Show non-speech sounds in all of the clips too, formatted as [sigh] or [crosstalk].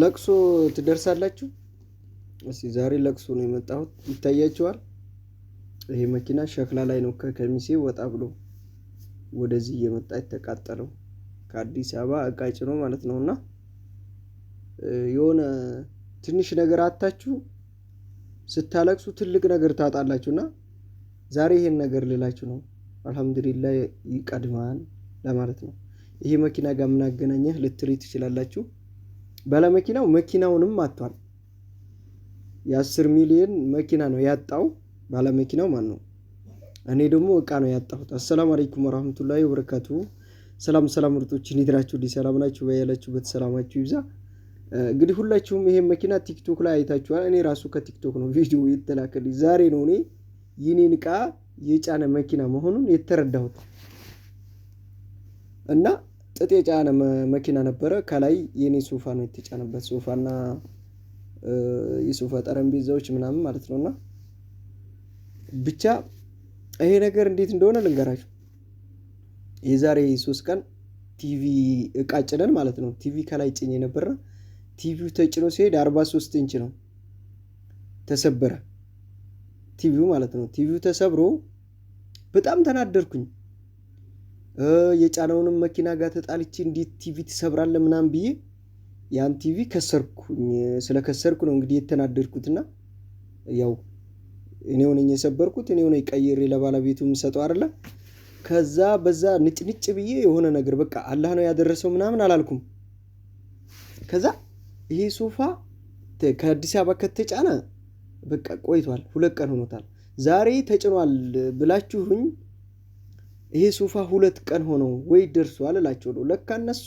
ለቅሶ ትደርሳላችሁ? እስቲ ዛሬ ለቅሶ ነው የመጣሁት። ይታያችኋል። ይሄ መኪና ሸክላ ላይ ነው ከከሚሴ ወጣ ብሎ ወደዚህ እየመጣ የተቃጠለው ከአዲስ አበባ እቃ ጭኖ ማለት ነው። እና የሆነ ትንሽ ነገር አታችሁ ስታለቅሱ ትልቅ ነገር ታጣላችሁ። እና ዛሬ ይሄን ነገር ልላችሁ ነው። አልሐምዱሊላ ይቀድማል ለማለት ነው። ይሄ መኪና ጋር ምን አገናኘህ ልትሪ ትችላላችሁ። ባለመኪናው መኪናውንም አጥቷል። የአስር ሚሊዮን መኪና ነው ያጣው ባለመኪናው ማን ነው? እኔ ደግሞ እቃ ነው ያጣሁት። አሰላሙ አለይኩም ወራህመቱላሂ ወበረካቱ። ሰላም ሰላም ምርጦች እንዲድራችሁ ሊሰላም ናችሁ በያላችሁበት ሰላማችሁ ይብዛ። እንግዲህ ሁላችሁም ይሄ መኪና ቲክቶክ ላይ አይታችኋል። እኔ ራሱ ከቲክቶክ ነው ቪዲዮ የተላከልኝ። ዛሬ ነው እኔ የኔን እቃ የጫነ መኪና መሆኑን የተረዳሁት እና ጥጥ የጫነ መኪና ነበረ። ከላይ የኔ ሶፋ ነው የተጫነበት ሶፋና የሶፋ ጠረጴዛዎች ምናምን ማለት ነው። እና ብቻ ይሄ ነገር እንዴት እንደሆነ ልንገራችሁ። የዛሬ ሶስት ቀን ቲቪ እቃ ጭነን ማለት ነው። ቲቪ ከላይ ጭኝ ነበረ። ቲቪው ተጭኖ ሲሄድ አርባ ሶስት ኢንች ነው ተሰበረ። ቲቪው ማለት ነው። ቲቪው ተሰብሮ በጣም ተናደርኩኝ። የጫነውንም መኪና ጋር ተጣልቼ እንዴት ቲቪ ትሰብራለህ ምናምን ብዬ ያን ቲቪ ከሰርኩ። ስለከሰርኩ ነው እንግዲህ የተናደድኩትና ያው እኔው ነኝ የሰበርኩት እኔው ነኝ ቀይሬ ለባለቤቱ የምሰጠው አይደለ። ከዛ በዛ ንጭንጭ ብዬ የሆነ ነገር በቃ አላህ ነው ያደረሰው ምናምን አላልኩም። ከዛ ይሄ ሶፋ ከአዲስ አበባ ከተጫነ በቃ ቆይቷል ሁለት ቀን ሆኖታል። ዛሬ ተጭኗል ብላችሁኝ ይሄ ሶፋ ሁለት ቀን ሆነው ወይ ደርሷል እላቸው ነው። ለካ እነሱ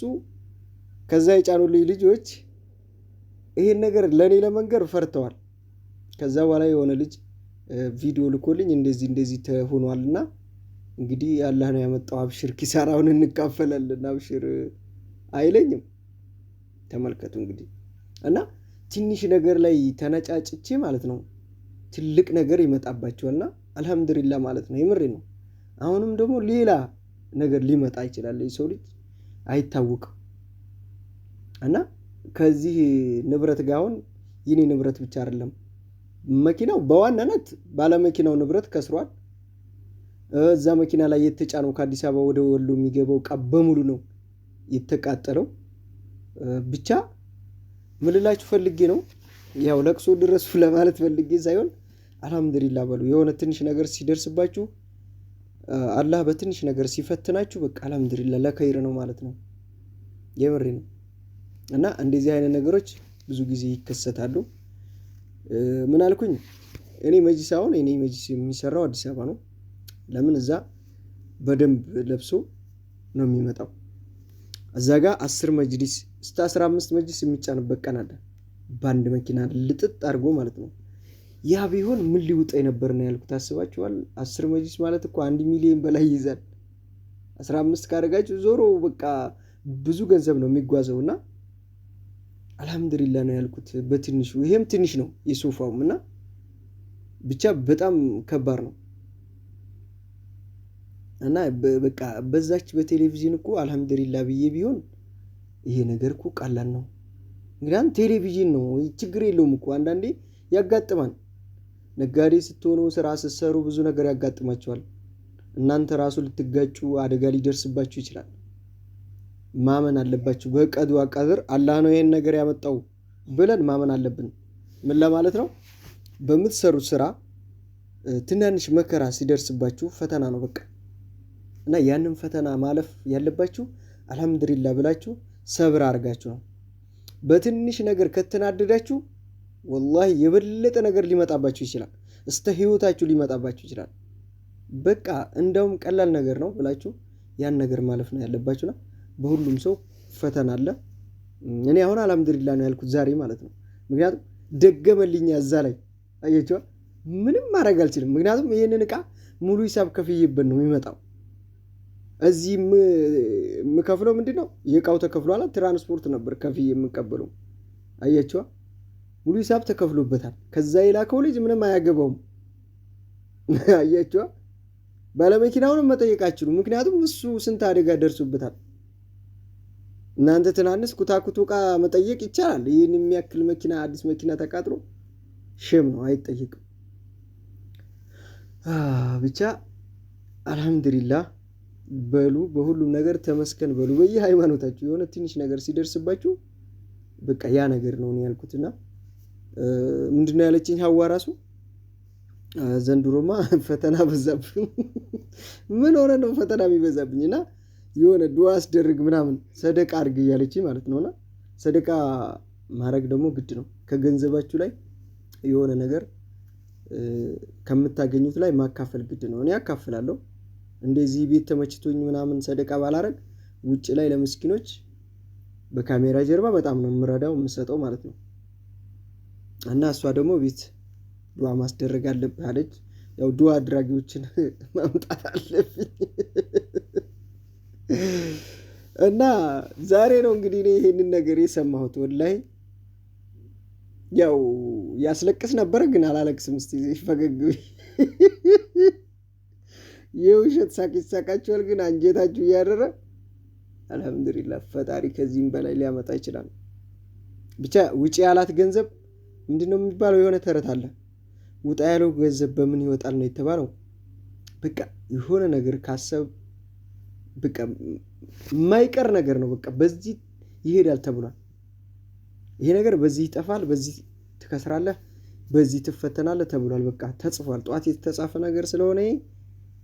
ከዛ የጫኑልኝ ልጆች ይሄን ነገር ለእኔ ለመንገር ፈርተዋል። ከዛ በኋላ የሆነ ልጅ ቪዲዮ ልኮልኝ እንደዚህ እንደዚህ ተሆኗል እና እንግዲህ አላህ ነው ያመጣው፣ አብሽር ኪሳራውን እንካፈላለን አብሽር አይለኝም። ተመልከቱ እንግዲህ እና ትንሽ ነገር ላይ ተነጫጭቼ ማለት ነው ትልቅ ነገር ይመጣባቸዋልና አልሐምዱሊላ ማለት ነው። የምሬ ነው። አሁንም ደግሞ ሌላ ነገር ሊመጣ ይችላል። የሰው ልጅ አይታወቅም። እና ከዚህ ንብረት ጋር አሁን የኔ ንብረት ብቻ አይደለም መኪናው በዋናነት ባለመኪናው ንብረት ከስሯል። እዛ መኪና ላይ የተጫነው ከአዲስ አበባ ወደ ወሎ የሚገባው ዕቃ በሙሉ ነው የተቃጠለው። ብቻ ምልላችሁ ፈልጌ ነው ያው ለቅሶ ድረሱ ለማለት ፈልጌ ሳይሆን አልሐምዱሊላ በሉ የሆነ ትንሽ ነገር ሲደርስባችሁ አላህ በትንሽ ነገር ሲፈትናችሁ በቃ አልሐምዱሊላ ለከይር ነው ማለት ነው። የምሬ ነው። እና እንደዚህ አይነት ነገሮች ብዙ ጊዜ ይከሰታሉ። ምን አልኩኝ? እኔ መጅሊስ አሁን እኔ መጅስ የሚሰራው አዲስ አበባ ነው። ለምን እዛ በደንብ ለብሶ ነው የሚመጣው። እዛ ጋ አስር መጅሊስ እስከ አስራ አምስት መጅሊስ የሚጫንበት ቀን አለ። በአንድ መኪና ልጥጥ አድርጎ ማለት ነው። ያ ቢሆን ምን ሊውጠኝ ነበር ነው ያልኩት። አስባችኋል? አስር መጅሊስ ማለት እኮ አንድ ሚሊዮን በላይ ይይዛል። አስራ አምስት ካደረጋችሁ ዞሮ በቃ ብዙ ገንዘብ ነው የሚጓዘው እና አልሐምዱሊላ ነው ያልኩት በትንሹ። ይሄም ትንሽ ነው የሶፋውም እና ብቻ በጣም ከባድ ነው እና በቃ በዛች በቴሌቪዥን እኮ አልሐምዱሊላ ብዬ ቢሆን ይሄ ነገር እኮ ቀላል ነው። እንግዲህ ቴሌቪዥን ነው ችግር የለውም እኮ አንዳንዴ ያጋጥማል። ነጋዴ ስትሆኑ ስራ ስትሰሩ ብዙ ነገር ያጋጥማቸዋል። እናንተ ራሱ ልትጋጩ፣ አደጋ ሊደርስባችሁ ይችላል። ማመን አለባችሁ። በቀዱ አቃድር አላህ ነው ይሄን ነገር ያመጣው ብለን ማመን አለብን። ምን ለማለት ነው? በምትሰሩት ስራ ትናንሽ መከራ ሲደርስባችሁ ፈተና ነው በቃ እና ያንን ፈተና ማለፍ ያለባችሁ አልሐምድሪላ ብላችሁ ሰብር አድርጋችሁ ነው። በትንሽ ነገር ከተናደዳችሁ ወላሂ የበለጠ ነገር ሊመጣባችሁ ይችላል። እስተ ህይወታችሁ ሊመጣባችሁ ይችላል። በቃ እንደውም ቀላል ነገር ነው ብላችሁ ያን ነገር ማለፍ ነው ያለባችሁና በሁሉም ሰው ፈተና አለ። እኔ አሁን አልሐምዱሊላህ ነው ያልኩት ዛሬ ማለት ነው። ምክንያቱም ደገመልኛ እዛ ላይ አያችኋል። ምንም ማድረግ አልችልም። ምክንያቱም ይህንን እቃ ሙሉ ሂሳብ ከፍዬበት ነው የሚመጣው። እዚህ የምከፍለው ምንድን ነው? የእቃው ተከፍሏላ። ትራንስፖርት ነበር ከፍዬ የምቀበለው። አያችኋል ሙሉ ሂሳብ ተከፍሎበታል። ከዛ የላከው ልጅ ምንም አያገባውም። [laughs] አያችዋ ባለመኪናውንም መጠየቅ አችሉ። ምክንያቱም እሱ ስንት አደጋ ደርሶበታል። እናንተ ትናንስ ኩታኩቱ ቃ መጠየቅ ይቻላል። ይህን የሚያክል መኪና አዲስ መኪና ተቃጥሎ ሽም ነው አይጠየቅም። ብቻ አልሐምዱሊላህ በሉ፣ በሁሉም ነገር ተመስገን በሉ። በየ ሃይማኖታችሁ የሆነ ትንሽ ነገር ሲደርስባችሁ በቃ ያ ነገር ነው ያልኩትና ምንድነው ያለችኝ ሀዋ ራሱ ዘንድሮማ ፈተና በዛብኝ፣ ምን ሆነ ነው ፈተና የሚበዛብኝ? እና የሆነ ዱዓ አስደርግ ምናምን ሰደቃ አድርግ እያለችኝ ማለት ነው። እና ሰደቃ ማድረግ ደግሞ ግድ ነው። ከገንዘባችሁ ላይ የሆነ ነገር ከምታገኙት ላይ ማካፈል ግድ ነው። እኔ አካፍላለሁ። እንደዚህ ቤት ተመችቶኝ ምናምን ሰደቃ ባላረግ ውጭ ላይ ለምስኪኖች በካሜራ ጀርባ በጣም ነው የምረዳው የምሰጠው ማለት ነው። እና እሷ ደግሞ ቤት ዱዋ ማስደረግ አለብህ አለች። ያው ዱዋ አድራጊዎችን [laughs] ማምጣት አለብኝ [laughs] እና ዛሬ ነው እንግዲህ እኔ ይሄንን ነገር የሰማሁት። ወላሂ ያው ያስለቅስ ነበረ፣ ግን አላለቅስም። እስኪ ፈገግ [laughs] የውሸት ሳቅ ይሳቃችኋል፣ ግን አንጀታችሁ እያደረ አልሐምዱሊላህ። ፈጣሪ ከዚህም በላይ ሊያመጣ ይችላል። ብቻ ውጪ ያላት ገንዘብ ምንድነው የሚባለው? የሆነ ተረት አለ። ውጣ ያለው ገንዘብ በምን ይወጣል ነው የተባለው። በቃ የሆነ ነገር ካሰብ በቃ የማይቀር ነገር ነው። በቃ በዚህ ይሄዳል ተብሏል። ይሄ ነገር በዚህ ይጠፋል፣ በዚህ ትከስራለህ፣ በዚህ ትፈተናለህ ተብሏል። በቃ ተጽፏል። ጠዋት የተጻፈ ነገር ስለሆነ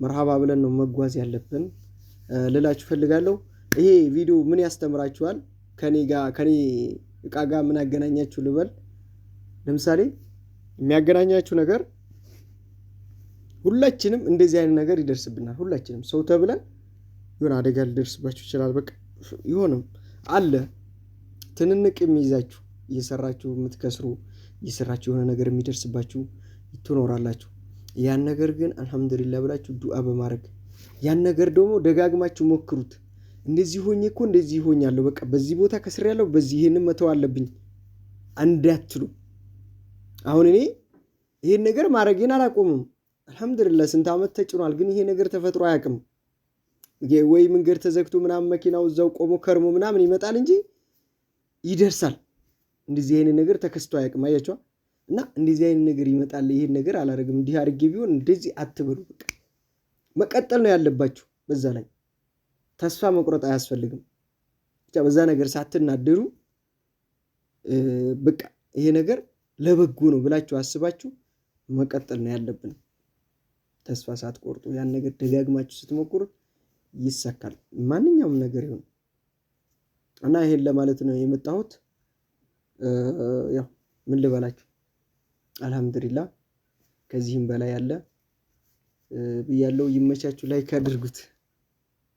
መርሃባ ብለን ነው መጓዝ ያለብን ልላችሁ ፈልጋለሁ። ይሄ ቪዲዮ ምን ያስተምራችኋል? ከኔ ጋር ከኔ እቃ ጋር ምን አገናኛችሁ ልበል? ለምሳሌ የሚያገናኛችሁ ነገር ሁላችንም እንደዚህ አይነት ነገር ይደርስብናል። ሁላችንም ሰው ተብለን የሆነ አደጋ ሊደርስባችሁ ይችላል። በቃ ይሆንም አለ ትንንቅ የሚይዛችሁ እየሰራችሁ የምትከስሩ እየሰራችሁ የሆነ ነገር የሚደርስባችሁ ትኖራላችሁ። ያን ነገር ግን አልሐምዱሊላ ብላችሁ ዱዓ በማድረግ ያን ነገር ደግሞ ደጋግማችሁ ሞክሩት። እንደዚህ ሆኜ እኮ እንደዚህ ይሆኛለሁ በቃ በዚህ ቦታ ከስር ያለው በዚህ ይህን መተው አለብኝ እንዳትሉ አሁን እኔ ይሄን ነገር ማድረጌን አላቆምም። አልሐምዱሊላ ስንት ዓመት ተጭኗል፣ ግን ይሄ ነገር ተፈጥሮ አያውቅም። ወይ መንገድ ተዘግቶ ምናምን መኪናው እዛው ቆሞ ከርሞ ምናምን ይመጣል እንጂ ይደርሳል። እንደዚህ አይነት ነገር ተከስቶ አያውቅም። አያቸዋ እና እንደዚህ አይነት ነገር ይመጣል። ይሄን ነገር አላደርግም፣ እንዲህ አድርጌ ቢሆን እንደዚህ አትበሉ። በቃ መቀጠል ነው ያለባችሁ። በዛ ላይ ተስፋ መቁረጥ አያስፈልግም። ብቻ በዛ ነገር ሳትናደሩ በቃ ይሄ ነገር ለበጎ ነው ብላችሁ አስባችሁ መቀጠል ነው ያለብን። ተስፋ ሳትቆርጡ ያን ነገር ደጋግማችሁ ስትሞክሩት ይሳካል። ማንኛውም ነገር ይሁን እና ይሄን ለማለት ነው የመጣሁት። ያው ምን ልበላችሁ፣ አልሐምዱሊላህ ከዚህም በላይ ያለ ብያለው። ይመቻችሁ፣ ላይክ አድርጉት።